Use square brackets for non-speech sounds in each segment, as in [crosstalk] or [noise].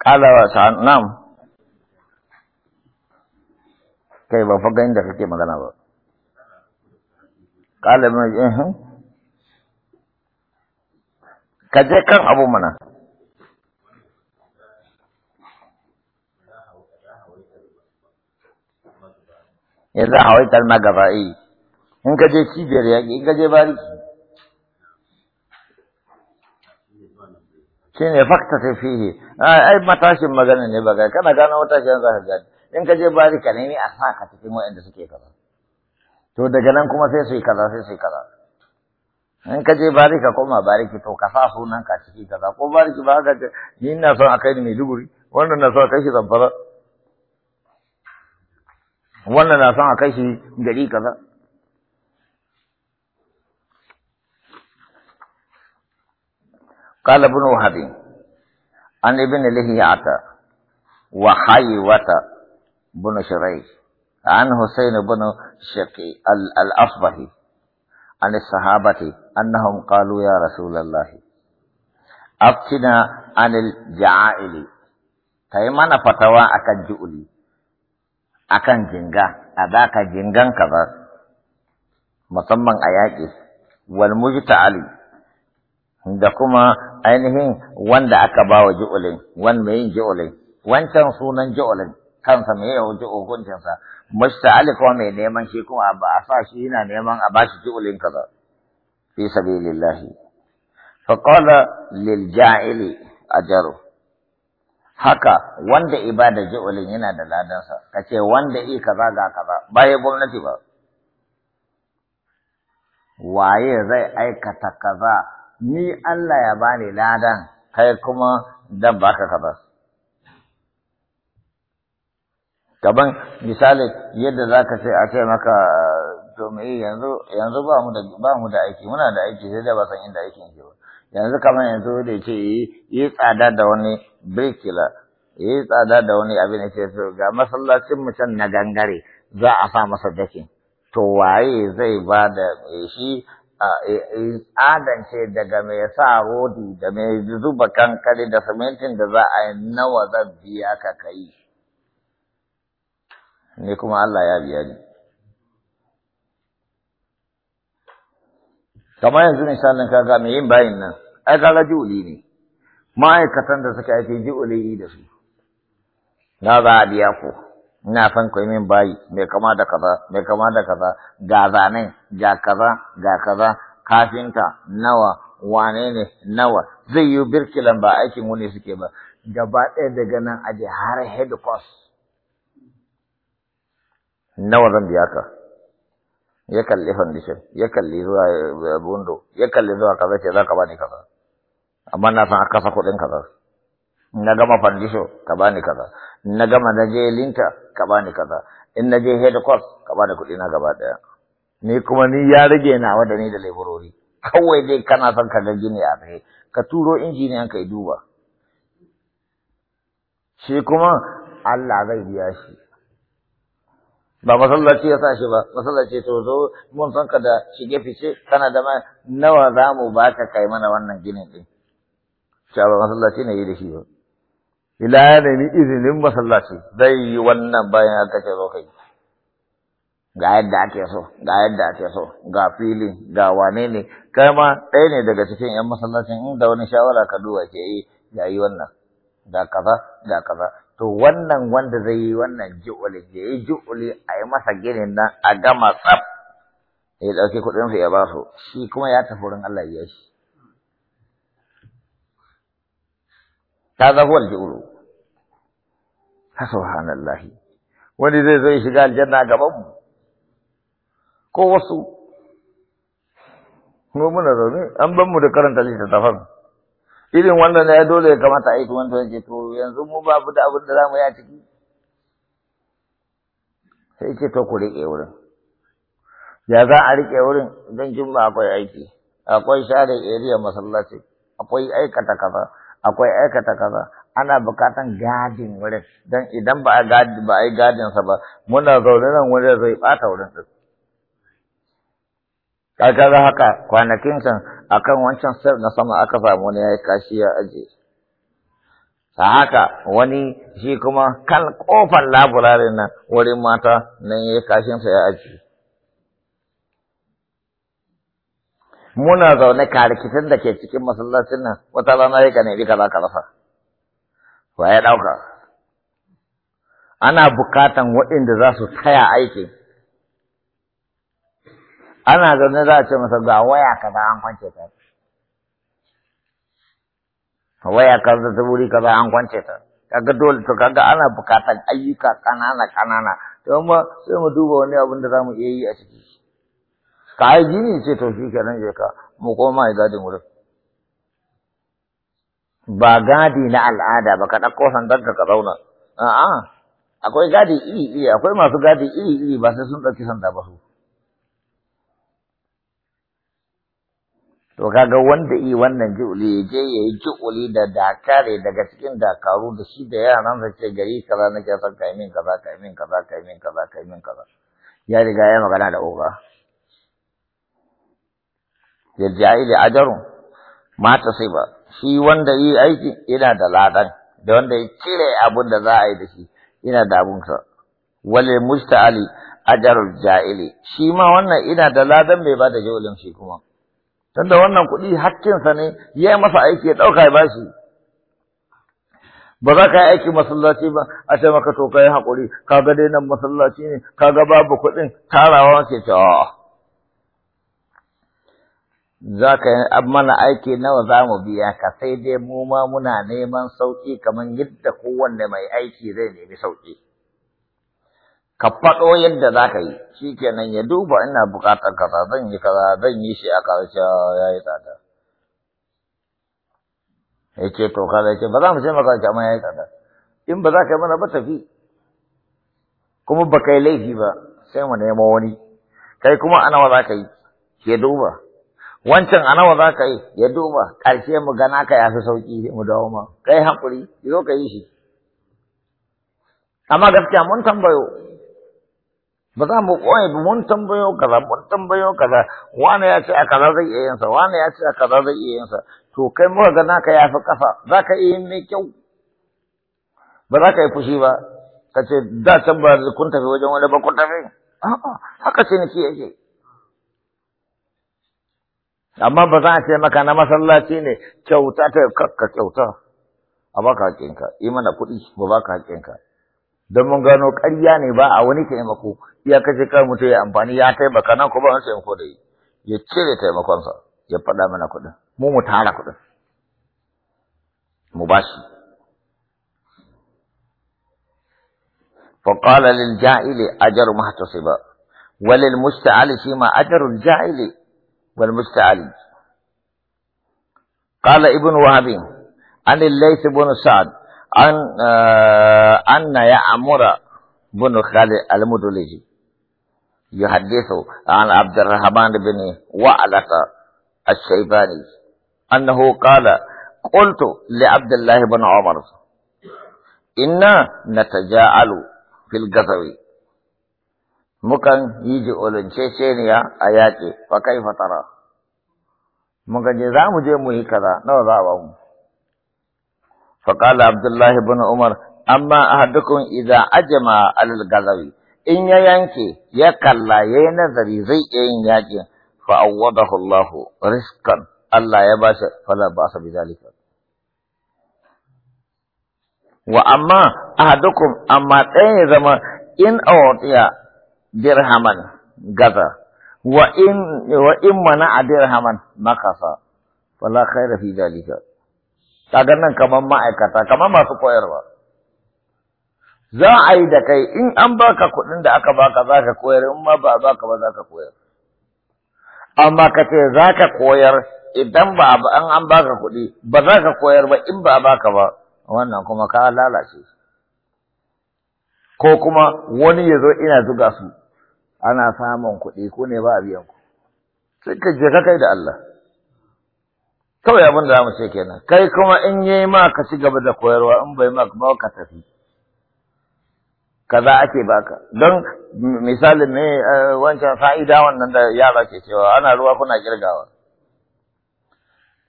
Kala wa sa'an nam? Kaya bapa kan indah kaki Kala mana? magabai eh. in ka je cibiyar yaƙi in ka je bariki shi ne fakta ta fiye? ai matashin magana ne ba kana gano matashin za ka gani in ka je barika ne a sa ka cikin waɗanda suke kaza to daga nan kuma sai su yi kaza sai su yi kaza in ka je barika koma bariki to ka sa sunan ka ciki kaza ko bariki ba haka ni ina son a kai ni maiduguri wannan na son a kai shi zamfara wannan na son a kai shi gari kaza قال ابن وهب عن ابن لهيعة وحيوة بن شريج عن حسين بن شقي الأصبهي عن الصحابة أنهم قالوا يا رسول الله أفتنا عن الجعائل تيمنا فتوى أكن جؤلي أكن جنجا أذاك جنجا كذا مصمم أياكي والمجتعلي da kuma ainihin wanda aka ba wa ji'ulin wanda mai yin ji'ulin wancan sunan ji'ulin kansa mai yawan ji hukuncinsa musta'ali kuma mai neman shi kuma ba a sa shi yana neman a ba shi ji'ulin kaza fi sabi lillahi faƙola lil ja'ili jaro haka wanda ibada ji'ulin yana da ladansa ka ce wanda i kaza ga kaza ba ya gwamnati ba waye zai aikata kaza ni Allah ya bani ladan kai kuma dan baka ba kaban misali yadda zaka ce a ce maka to me yanzu yanzu ba mu da ba mu da aiki muna da aiki sai da ba san inda aikin ke ba yanzu kamar yanzu da ce yi tsada da wani birkila yi tsada da wani abin da ce so ga masallacin mu can na gangare za a sa masa dake to waye zai ba da shi adance daga mai sa rodi da mai zuba kankare da simintin da za a yi nawa zan biya ka kai ni kuma Allah ya biya ni kamar yanzu ne misalin kaga mai yin bayin nan ai kaga juli ne ma'aikatan da suka aiki juli da su na za a biya ku ina son ku min bayi mai kama da kaza mai kama da kaza ga zanen ga kaza ga kaza kafinta nawa wane ne nawa zai yi birkilan ba aikin wani suke ba gaba ɗaya daga nan je har head course nawa zan biya ka ya kalli foundation ya kalli zuwa eh, bundo ya kalli zuwa kaza ce za ka bani kaza amma na san a kasa kuɗin kaza na gama fandisho ka bani kaza na gama na je linta ka bani kaza in na je head course ka bani kuɗi na gaba ɗaya ni kuma ni ya rage na wada ni da laborori kawai dai kana son ka ga gini a tsaye ka turo injiniyan kai duba shi kuma Allah zai biya shi ba masallaci ya sa shi ba masallaci to zo mun san ka da shige fice kana da ma nawa zamu baka kai mana wannan ginin din sha masallaci ne yi da shi ba ila ya izinin masallaci zai yi wannan bayan ya take zo kai ga yadda ake so ga yadda ake so ga fili ga wane ne kai ma ɗaya ne daga cikin yan masallacin inda wani shawara ka duba ke yi ya yi wannan ga kaza ga kaza to wannan wanda zai yi wannan ji'uli ya yi ji'uli a yi masa ginin nan a gama tsaf ya ɗauki su ya ba su shi kuma ya tafi wurin Allah ya shi ta zahuwar ji'ulu ha wani zai zai shiga aljanna gaban mu ko wasu mu muna zaune an ban mu da karanta littattafan irin wannan ne dole ya kamata a yi tuwon to yanzu mu babu da abin da za mu yi a ciki sai ce to ku riƙe wurin ya za a riƙe wurin don jin ba akwai aiki akwai share area masallaci akwai aikata kaza akwai aikata kaza ana bukatan gadin wurin don idan ba a gadi ba a yi gadinsa ba muna zaune nan wurin zai bata wurin din kaga haka kwanakin can akan wancan sir na sama aka samu wani ya kashi ya aje ta haka wani shi kuma kan kofar labularin nan wurin mata nan kashin sa ya aje muna zaune ka rikicin da ke cikin masallacin nan wata rana ya ka nemi kaza ka rasa wa ya ɗauka ana bukatan waɗanda za su taya aiki. ana zaune za a ce masa ga waya za an kwance ta waya za ta wuri za an kwance ta kaga dole to ga ana bukatan ayyuka kanana kanana to ma sai mu duba wani abin da za mu iya yi a ciki ka yi gini ce to shi kenan je ka mu koma ya gadin wurin ba gadi na al'ada ba ka ɗauko sandar ka zauna a'a akwai gadi iri iri akwai masu gadi iri iri ba sai sun ɗauki sanda ba su to kaga wanda yi wannan ju'uli ya je ya yi ju'uli da dakare daga cikin dakaru da shi da yaran sa ce gari kaza nake son kai min kaza kai min kaza kai min kaza kai min kaza ya riga ya magana da oga ya ja'i da ajarun mata sai ba shi wanda yi aiki yana da ladan da wanda ya cire abun da za a yi da shi yana da abun sa wale musta'ali ajarul ja'ili shi ma wannan ina da ladan bai bada jawlin shi kuma tunda wannan kuɗi hakkin sa ne yayi masa aiki ya ɗauka ya bashi ba za ka yi aikin masallaci ba a ce maka to ka yi haƙuri dai nan masallaci ne ka ga babu kuɗin tarawa ke cewa za ka yi mana aiki nawa za mu biya ka sai dai mu ma muna neman sauƙi kamar yadda kowanne mai aiki zai nemi sauƙi. Ka faɗo yadda za ka yi, shi kenan ya duba ina buƙatar kaza zan yi kaza zan yi shi a ƙarshe ya yi tsada. Ya ce to ka zai ce ba za mu ce maka amma ya yi tsada. In ba za ka yi mana ba tafi. Kuma ba kai laifi ba sai mu nemo wani. Kai kuma ana wa za ka yi, ke duba. wancan a nawa za ka yi ya duba ƙarshe mu gana ka ya fi sauƙi mu dawo ma kai haƙuri zo ka yi shi amma gaskiya mun tambayo ba za mu koyi ba mun tambayo kaza mun tambayo kaza wani ya ce a kaza zai iya yinsa wani ya ce a kaza zai iya yinsa to kai muka ga ka ya fi ƙafa. za ka iya yin mai kyau ba za ka yi fushi ba ka ce da can ba kun tafi wajen wani ba kun tafi a'a haka ce ni ce yake amma ba za a ce maka na masallaci ne kyauta ta kakka kyauta a baka hakinka yi mana kuɗi ba baka hakinka don mun gano ƙarya ne ba a wani taimako ya kashe kan mutum ya amfani ya taimaka nan kuma wani taimako da yi ya cire taimakonsa ya faɗa mana kuɗin mu mu tara kuɗin mu bashi فقال للجائل أجر محتصبا وللمشتعل فيما أجر الجائل والمستعلي قال ابن وهب عن الليث بن سعد عن آه، أن يعمر بن خالد المدلجي يحدث عن عبد الرحمن بن وعلق الشيباني أنه قال قلت لعبد الله بن عمر إنا نتجاعل في الغزو mukan yi ji'olinceceniya a yaƙi fa kai fatara muka je za mu je mu yi kaza nawa za a ba mu faƙala abdullahi bin umar amma ahadukum idza ajma alal gazawi in ya yanke ya kalla ya yi nazari zai iya yin yaƙi fa awwadahu Hullahu, riskan. Allah ya bashi fala ba'sa bidalika wa amma ahadukum amma ɗaya ya zama in awatiya dirhaman gaza wa in wa in mana dirhaman makasa wala khaira fi dalika kaga nan kaman ma'aikata kaman masu koyarwa za a yi da kai in an baka kuɗin da aka baka za ka koyar in ma ba a baka ba za ka koyar amma ka ce za ka koyar idan ba an an baka kuɗi ba za ka koyar ba in ba a baka ba wannan kuma ka lalace ko kuma wani ya zo ina zuga su ana samun kuɗi ku ne ba a biyan ku sai ka je ka kai da Allah kawai abin da zamu ce kenan kai kuma in yayi ma ka ci gaba da koyarwa in bai ma ba ka tafi kaza ake baka don misali ne eh, wancan fa'ida wannan da yara ke cewa ana ruwa kuna kirgawa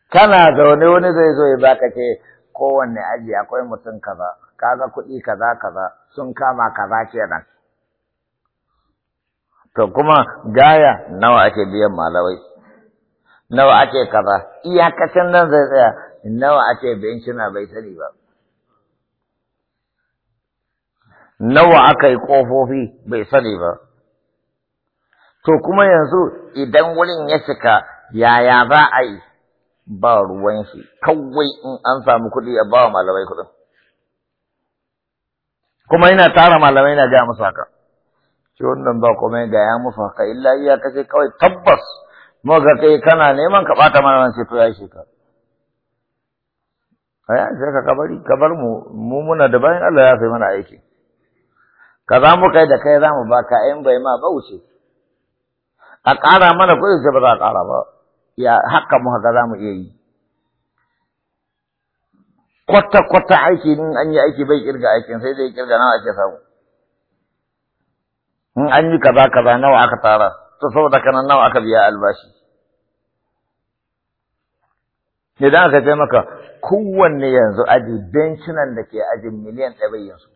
kana zaune wani zai zo ya baka ce kowanne aji akwai mutum kaza kaga kuɗi kaza kaza sun kama kaza kenan to kuma gaya nawa ake biyan malamai nawa ake kaza iyakacin nan zai tsaya nawa ake bencina bai sani ba nawa aka yi kofofi bai sani ba to kuma yanzu idan wurin ya cika yaya za a yi ba ruwan shi kawai in an samu kuɗi a bawa wa malamai kuɗin kuma yana tara malamai na gaya musu haka shi wannan ba komai ga ya mufa ka illa iya kace kawai tabbas mu ga kai kana neman ka bata mana nan sai ya shi ka aya sai ka kabar mu mu muna da bayan Allah ya sai mana aiki ka za mu kai da kai za mu baka in bai ma ba wuce a ƙara mana kudin sai ba za a ƙara ba ya haka mu haka za mu iya yi kwata-kwata aiki in an yi aiki bai kirga aikin sai dai kirga nawa ake samu in an yi kaza kaza nawa aka tara to saboda kana nawa aka biya albashi idan aka ce maka kowanne yanzu aji bencinan da ke aji miliyan ɗaya bai yanzu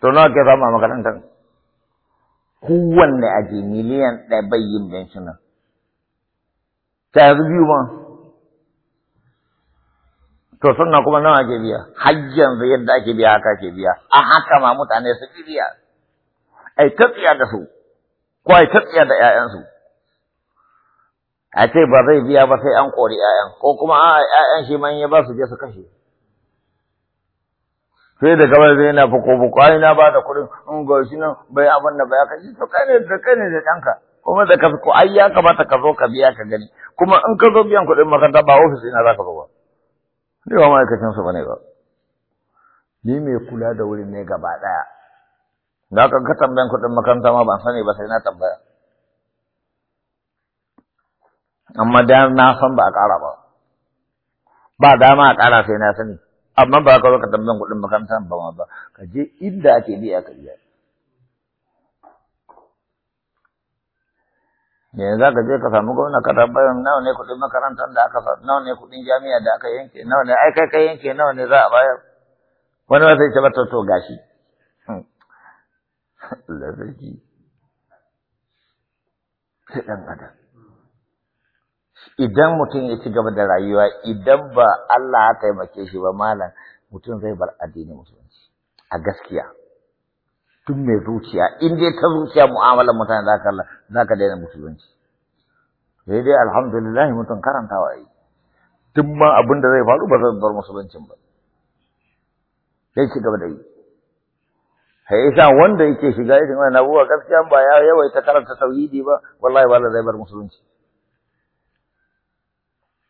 to nawa ke samu a makarantar kowanne aji miliyan ɗaya bai yin bencinan ta yanzu biyu ma to suna kuma nawa ake biya hajjan da yadda ake biya haka ake biya a haka ma mutane su ki biya ai ta tsiya da su ko ai ta tsiya da ƴaƴansu a ce ba zai biya ba sai an kori ƴaƴan ko kuma a ƴaƴan shi man ya ba su je su kashe sai da gaba zai na fuko fuko ai na ba da kuɗin in ga shi nan bai abin da bai kashe to kai ne da kai ne da ɗanka kuma da ka ko ai ya kamata ka zo ka biya ka gani kuma in ka zo biyan kuɗin makaranta ba ofis ina za ka zo ba Ni ba ma'aikacinsu ba ne ba. Ni mai kula da wurin ne gaba ɗaya. Da aka ka tambayan kuɗin makaranta ma ban sani ba sai na tambaya. Amma da na san ba a ƙara ba. Ba dama a ƙara sai na sani. Amma ba ka zo ka tambayan kuɗin makaranta ba ma ba. Ka je inda ake biya ka biya. ne za ka je ka samu gwamna ka tabbayar nawa ne kuɗin makarantar da aka sa nawa ne kuɗin jami'a da aka yanke nawa ne ai kai ka yanke nawa ne za a bayar wani ma sai ce mata to gashi hmm. lazarki [laughs] sai ɗan adam idan mutum ya ci gaba da rayuwa idan ba Allah ya taimake shi ba malam mutum zai bar addinin musulunci a gaskiya duk mai zuciya in dai ta zuciya mu'amalar mutane za ka za ka daina musulunci sai dai alhamdulillah mutum karantawa yi duk ma abin da zai faru ba zai bar musuluncin ba sai ci gaba da yi sai isa wanda yake shiga irin wannan abubuwa gaskiya ba ya yawaita karanta tauhidi ba wallahi ba zai bar musulunci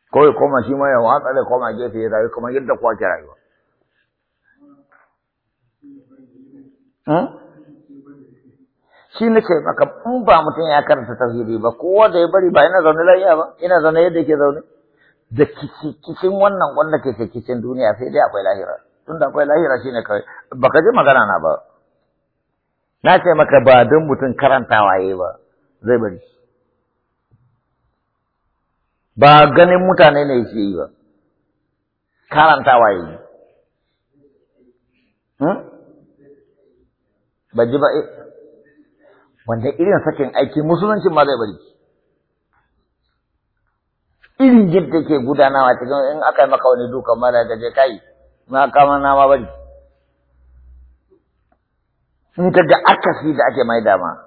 ko ya koma shi ma ya watsa da koma gefe ya rayu kamar yadda kowa ke rayuwa hmm? shi nake maka in ba mutum ya karanta tauhidi ba kowa da ya bari ba ina zaune lafiya ba ina zaune yadda yake zaune da kicin wannan wanda ke ke kicin duniya sai dai akwai lahira tunda akwai lahira shi ne kawai baka ji magana na ba na ce maka ba don mutum karantawa yayi ba zai bari ba ganin mutane ne shi yi ba karantawa yi hmm? ba ji ba eh. wanda irin sakin aiki musulunci ma zai bari irin yadda ke gudanawa cikin in aka yi maka wani dukan mara da je kai na kama na ma bari in ka ga akasi da ake mai dama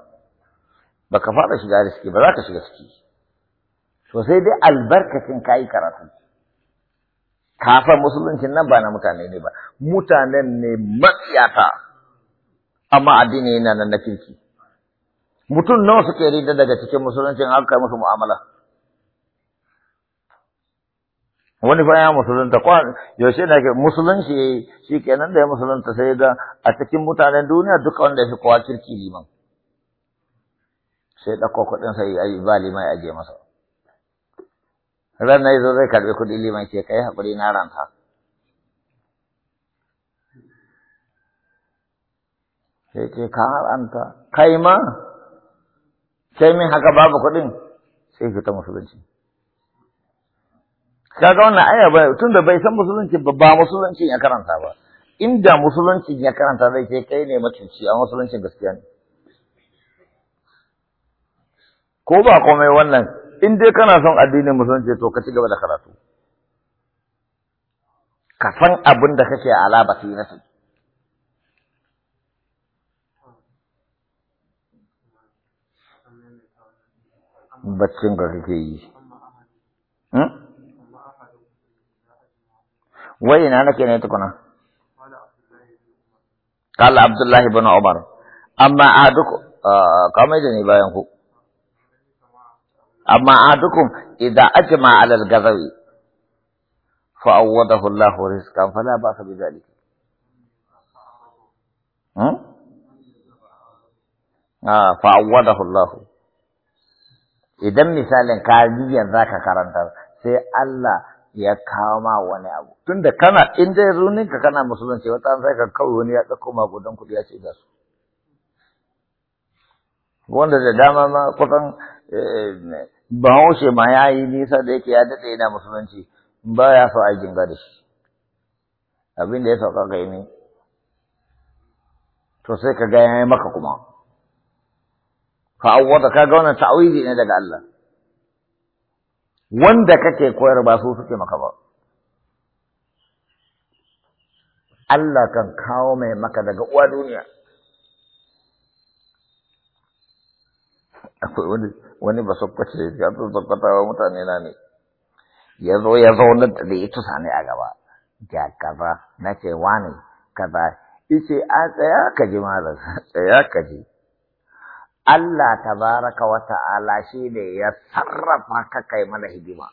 baka fara shiga riski ba za ka shiga ciki to sai dai albarkacin kayi karatu kafar musuluncin nan ba na mutane ne ba mutanen ne matsiyata amma addini yana nan na kirki mutum nawa suke rida daga cikin musulunci an kai musu mu'amala wani fa ya musulunta kwa yaushe ne musulunci yayi shikenan da ya musulunta sai ga a cikin mutanen duniya duka wanda yake kowa kirki liman sai ɗauko kuɗin sai yayi ba liman ya je masa ranar zo zai karɓi kuɗi liman ke kai hakuri na ranta sai ke ka ranta kai ma sai min haka babu kuɗin sai fita musulunci kaga wannan aya ba tun da bai san musulunci ba ba musulunci ya karanta ba inda musulunci ya karanta zai ce kai ne macuci a musulunci gaskiya ne ko ba komai wannan in dai kana son addinin musulunci to ka ci gaba da karatu ka san abin da kake na su. baccin ga kake yi hmm? wai na nake ne tukuna kala abdullahi bin umar amma a duku. kamar da ne bayan ku amma a dukkan idan ake ma'alar gazawi fa'awwadahu Allah rizqan fala ba sa bizali hmm? ah fa'awwadahu Allah idan misalin ka niyyar za ka karanta sai Allah ya kawo ma wani abu tunda kana in dai ka kana musulunci wata an sai ka kawo wani ya tsako ma gudan kuɗi ya ce da su wanda da dama ma kusan eh, bahaushe ma ya yi nisa da yake ya daɗe yana musulunci ba ya so aikin gari. abin da ya sauka ga ne to sai ka ga ya maka kuma fa'awwada kaga wannan ta'awizi ne daga Allah wanda kake koyar ba su suke maka ba Allah kan kawo mai maka daga uwa duniya akwai wani wani ba su kwace ya zo wa mutane na ne ya zo ya zauna da ita sani a gaba ga kaza na ce wani kaza ice a tsaya ka ji malam [laughs] tsaya ka ji Allah tabaraka wa ta'ala shi ne ya sarrafa ka kai mana hidima.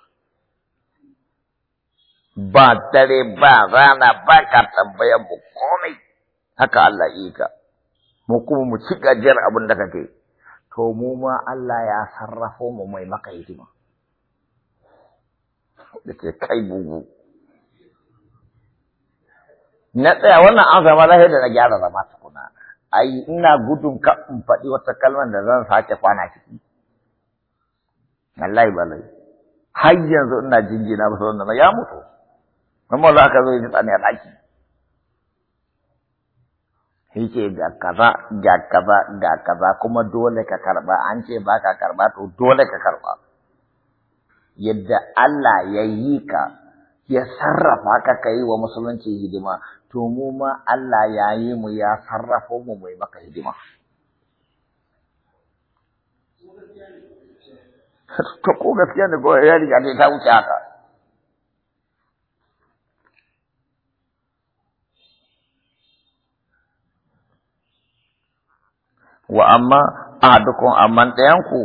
Ba dare ba rana ba ka tambayan mu komai, haka Allah yi ka, mu kuma mu ci gajiyar abin da kake, to mu ma Allah ya sarrafo mu mai maka hidima. Da ke kai bugu. Na tsaya wannan an zama lahir da na gyara zama tukuna. ai ina gudun ka in faɗi wata kalmar da zan sake kwana ciki wallahi balai har yanzu ina jinjina masa wannan ya mutu kuma Allah ka zo ni tsani a ɗaki ce ga kaza ga kaza ga kaza kuma dole ka karba an ce ba ka karba to dole ka karba yadda Allah ya yi ka ya sarrafa ka ka yi wa musulunci hidima to mu ma Allah ya yi mu ya sarrafo mu mai maka hidima. [laughs] Ta ko gaskiya ne ko ya riga ta wuce haka. Wa amma a dukkan amman ɗayanku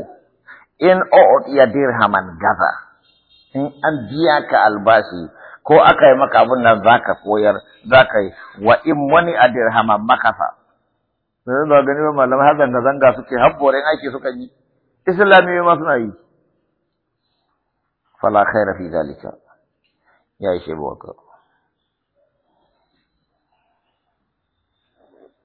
in ood ya dirhaman gaza in an biya ka albashi ko aka yi maka abin nan za ka koyar za ka yi wa in wani a dirhama makasa sai ba gani ba malam har zanga zanga suke habborin aiki suka yi islami ma suna yi fala khaira fi zalika ya yi shi baka